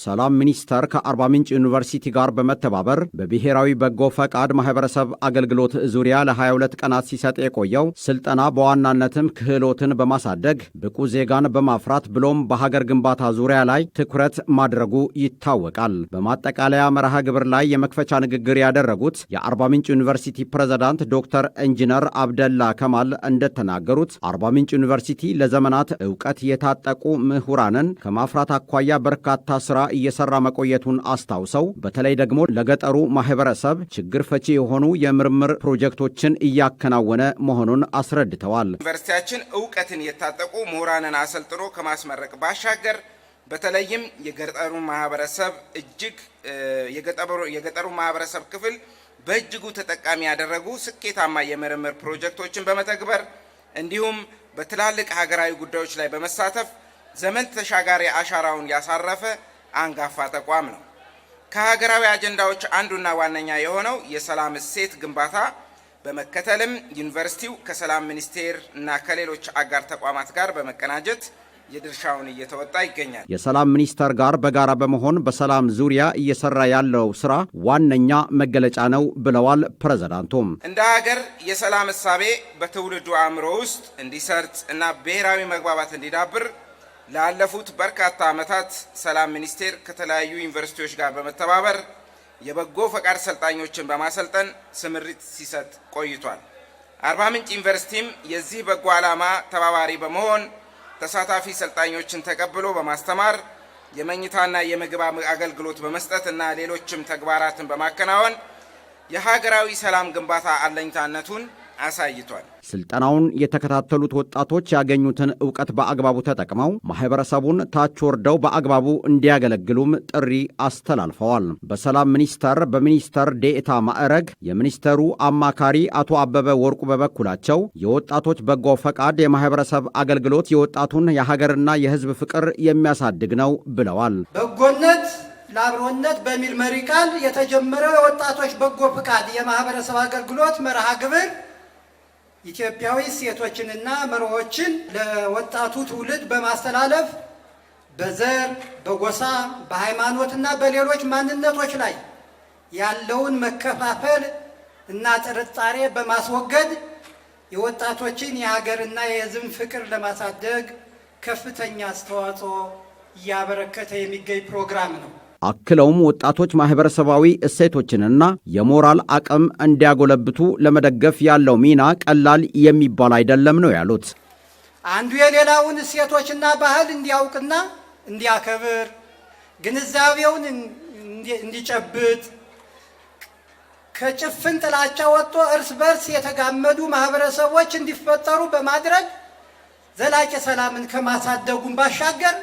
ሰላም ሚኒስቴር ከአርባ ምንጭ ዩኒቨርሲቲ ጋር በመተባበር በብሔራዊ በጎ ፈቃድ ማህበረሰብ አገልግሎት ዙሪያ ለ22 ቀናት ሲሰጥ የቆየው ስልጠና በዋናነትም ክህሎትን በማሳደግ ብቁ ዜጋን በማፍራት ብሎም በሀገር ግንባታ ዙሪያ ላይ ትኩረት ማድረጉ ይታወቃል። በማጠቃለያ መርሃ ግብር ላይ የመክፈቻ ንግግር ያደረጉት የአርባ ምንጭ ዩኒቨርሲቲ ፕሬዝዳንት ዶክተር ኢንጂነር አብደላ ከማል እንደተናገሩት አርባ ምንጭ ዩኒቨርሲቲ ለዘመናት እውቀት የታጠቁ ምሁራንን ከማፍራት አኳያ በርካታ ስራ እየሰራ መቆየቱን አስታውሰው በተለይ ደግሞ ለገጠሩ ማህበረሰብ ችግር ፈቺ የሆኑ የምርምር ፕሮጀክቶችን እያከናወነ መሆኑን አስረድተዋል። ዩኒቨርሲቲያችን እውቀትን የታጠቁ ምሁራንን አሰልጥኖ ከማስመረቅ ባሻገር በተለይም የገጠሩ ማህበረሰብ እጅግ የገጠሩ ማህበረሰብ ክፍል በእጅጉ ተጠቃሚ ያደረጉ ስኬታማ የምርምር ፕሮጀክቶችን በመተግበር እንዲሁም በትላልቅ ሀገራዊ ጉዳዮች ላይ በመሳተፍ ዘመን ተሻጋሪ አሻራውን ያሳረፈ አንጋፋ ተቋም ነው። ከሀገራዊ አጀንዳዎች አንዱና ዋነኛ የሆነው የሰላም እሴት ግንባታ በመከተልም ዩኒቨርሲቲው ከሰላም ሚኒስቴር እና ከሌሎች አጋር ተቋማት ጋር በመቀናጀት የድርሻውን እየተወጣ ይገኛል። የሰላም ሚኒስቴር ጋር በጋራ በመሆን በሰላም ዙሪያ እየሰራ ያለው ስራ ዋነኛ መገለጫ ነው ብለዋል ፕሬዚዳንቱም እንደ ሀገር የሰላም እሳቤ በትውልዱ አእምሮ ውስጥ እንዲሰርጥ እና ብሔራዊ መግባባት እንዲዳብር ላለፉት በርካታ ዓመታት ሰላም ሚኒስቴር ከተለያዩ ዩኒቨርሲቲዎች ጋር በመተባበር የበጎ ፈቃድ ሰልጣኞችን በማሰልጠን ስምሪት ሲሰጥ ቆይቷል። አርባ ምንጭ ዩኒቨርሲቲም የዚህ በጎ ዓላማ ተባባሪ በመሆን ተሳታፊ ሰልጣኞችን ተቀብሎ በማስተማር የመኝታና የምግብ አገልግሎት በመስጠት እና ሌሎችም ተግባራትን በማከናወን የሀገራዊ ሰላም ግንባታ አለኝታነቱን አሳይቷል። ስልጠናውን የተከታተሉት ወጣቶች ያገኙትን እውቀት በአግባቡ ተጠቅመው ማህበረሰቡን ታች ወርደው በአግባቡ እንዲያገለግሉም ጥሪ አስተላልፈዋል። በሰላም ሚኒስቴር በሚኒስተር ዴኤታ ማዕረግ የሚኒስተሩ አማካሪ አቶ አበበ ወርቁ በበኩላቸው የወጣቶች በጎ ፈቃድ የማህበረሰብ አገልግሎት የወጣቱን የሀገርና የህዝብ ፍቅር የሚያሳድግ ነው ብለዋል። በጎነት ለአብሮነት በሚል መሪ ቃል የተጀመረው የወጣቶች በጎ ፈቃድ የማህበረሰብ አገልግሎት መርሃ ግብር ኢትዮጵያዊ ሴቶችንና መርሆችን ለወጣቱ ትውልድ በማስተላለፍ በዘር፣ በጎሳ፣ በሃይማኖትና በሌሎች ማንነቶች ላይ ያለውን መከፋፈል እና ጥርጣሬ በማስወገድ የወጣቶችን የሀገርና የሕዝብን ፍቅር ለማሳደግ ከፍተኛ አስተዋጽኦ እያበረከተ የሚገኝ ፕሮግራም ነው። አክለውም ወጣቶች ማኅበረሰባዊ እሴቶችንና የሞራል አቅም እንዲያጎለብቱ ለመደገፍ ያለው ሚና ቀላል የሚባል አይደለም ነው ያሉት። አንዱ የሌላውን እሴቶችና ባህል እንዲያውቅና እንዲያከብር ግንዛቤውን እንዲጨብጥ ከጭፍን ጥላቻ ወጥቶ እርስ በርስ የተጋመዱ ማህበረሰቦች እንዲፈጠሩ በማድረግ ዘላቂ ሰላምን ከማሳደጉን ባሻገር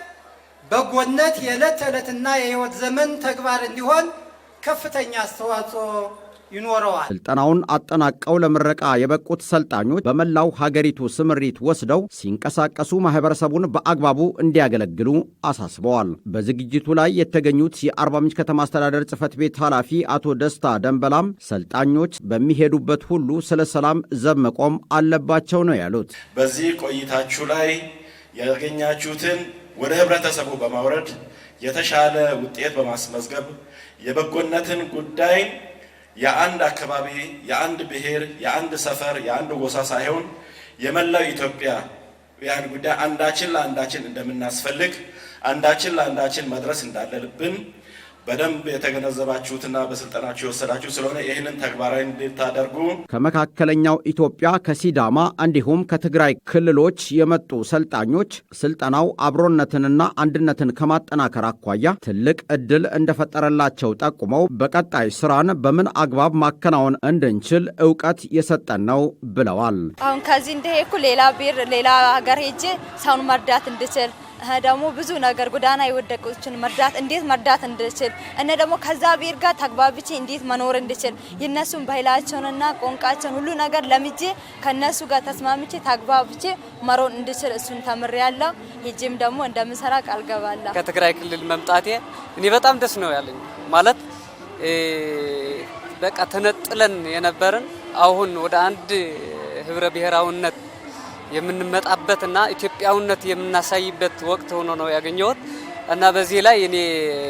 በጎነት የዕለት ተዕለትና የሕይወት ዘመን ተግባር እንዲሆን ከፍተኛ አስተዋጽኦ ይኖረዋል። ስልጠናውን አጠናቀው ለምረቃ የበቁት ሰልጣኞች በመላው ሀገሪቱ ስምሪት ወስደው ሲንቀሳቀሱ ማህበረሰቡን በአግባቡ እንዲያገለግሉ አሳስበዋል። በዝግጅቱ ላይ የተገኙት የአርባ ምንጭ ከተማ አስተዳደር ጽሕፈት ቤት ኃላፊ አቶ ደስታ ደንበላም ሰልጣኞች በሚሄዱበት ሁሉ ስለ ሰላም ዘብ መቆም አለባቸው ነው ያሉት። በዚህ ቆይታችሁ ላይ ያገኛችሁትን ወደ ህብረተሰቡ በማውረድ የተሻለ ውጤት በማስመዝገብ የበጎነትን ጉዳይ የአንድ አካባቢ፣ የአንድ ብሔር፣ የአንድ ሰፈር፣ የአንድ ጎሳ ሳይሆን የመላው ያን ጉዳይ አንዳችን ለአንዳችን እንደምናስፈልግ አንዳችን ለአንዳችን መድረስ እንዳለብን በደንብ የተገነዘባችሁትና በስልጠናችሁ የወሰዳችሁ ስለሆነ ይህንን ተግባራዊ እንድታደርጉ ከመካከለኛው ኢትዮጵያ ከሲዳማ እንዲሁም ከትግራይ ክልሎች የመጡ ሰልጣኞች ስልጠናው አብሮነትንና አንድነትን ከማጠናከር አኳያ ትልቅ ዕድል እንደፈጠረላቸው ጠቁመው በቀጣይ ስራን በምን አግባብ ማከናወን እንድንችል እውቀት የሰጠን ነው ብለዋል። አሁን ከዚህ እንደሄድኩ ሌላ ቢር ሌላ ሀገር ሄጄ ሰውን መርዳት እንድችል ደግሞ ብዙ ነገር ጎዳና የወደቁችን መርዳት እንዴት መርዳት እንድችል እነ ደግሞ ከዛ ብሔር ጋር ተግባብቼ እንዴት መኖር እንድችል የነሱን ባህላቸውንና ቋንቋቸውን ሁሉ ነገር ለምጄ ከነሱ ጋር ተስማምቼ ተግባብቼ መሮን እንድችል እሱን ተምሬያለሁ። ሄጄም ደግሞ እንደምሰራ ቃል ገባለሁ። ከትግራይ ክልል መምጣቴ እኔ በጣም ደስ ነው ያለኝ ማለት በቃ ተነጥለን የነበርን አሁን ወደ አንድ ህብረ ብሔራዊነት የምንመጣበትና ኢትዮጵያዊነት የምናሳይበት ወቅት ሆኖ ነው ያገኘሁት እና በዚህ ላይ እኔ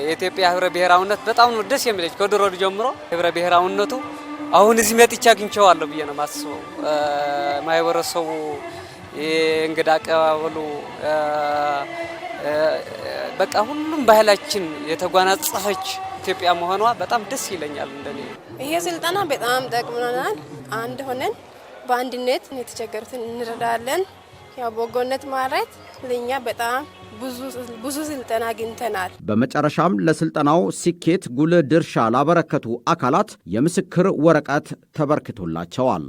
የኢትዮጵያ ህብረ ብሔራዊነት በጣም ነው ደስ የሚለች ከድሮ ጀምሮ ህብረ ብሔራዊነቱ አሁን እዚህ መጥቼ አግኝቼዋለሁ ብዬ ነው ማስበው። ማህበረሰቡ እንግዳ አቀባበሉ በቃ ሁሉም ባህላችን የተጓናጸፈች ኢትዮጵያ መሆኗ በጣም ደስ ይለኛል። እንደኔ ይሄ ስልጠና በጣም ጠቅምናል። አንድ ሆነን በአንድነት የተቸገሩትን እንረዳለን። ያው በጎነት ማለት ለእኛ በጣም ብዙ ስልጠና አግኝተናል። በመጨረሻም ለስልጠናው ስኬት ጉልህ ድርሻ ላበረከቱ አካላት የምስክር ወረቀት ተበርክቶላቸዋል።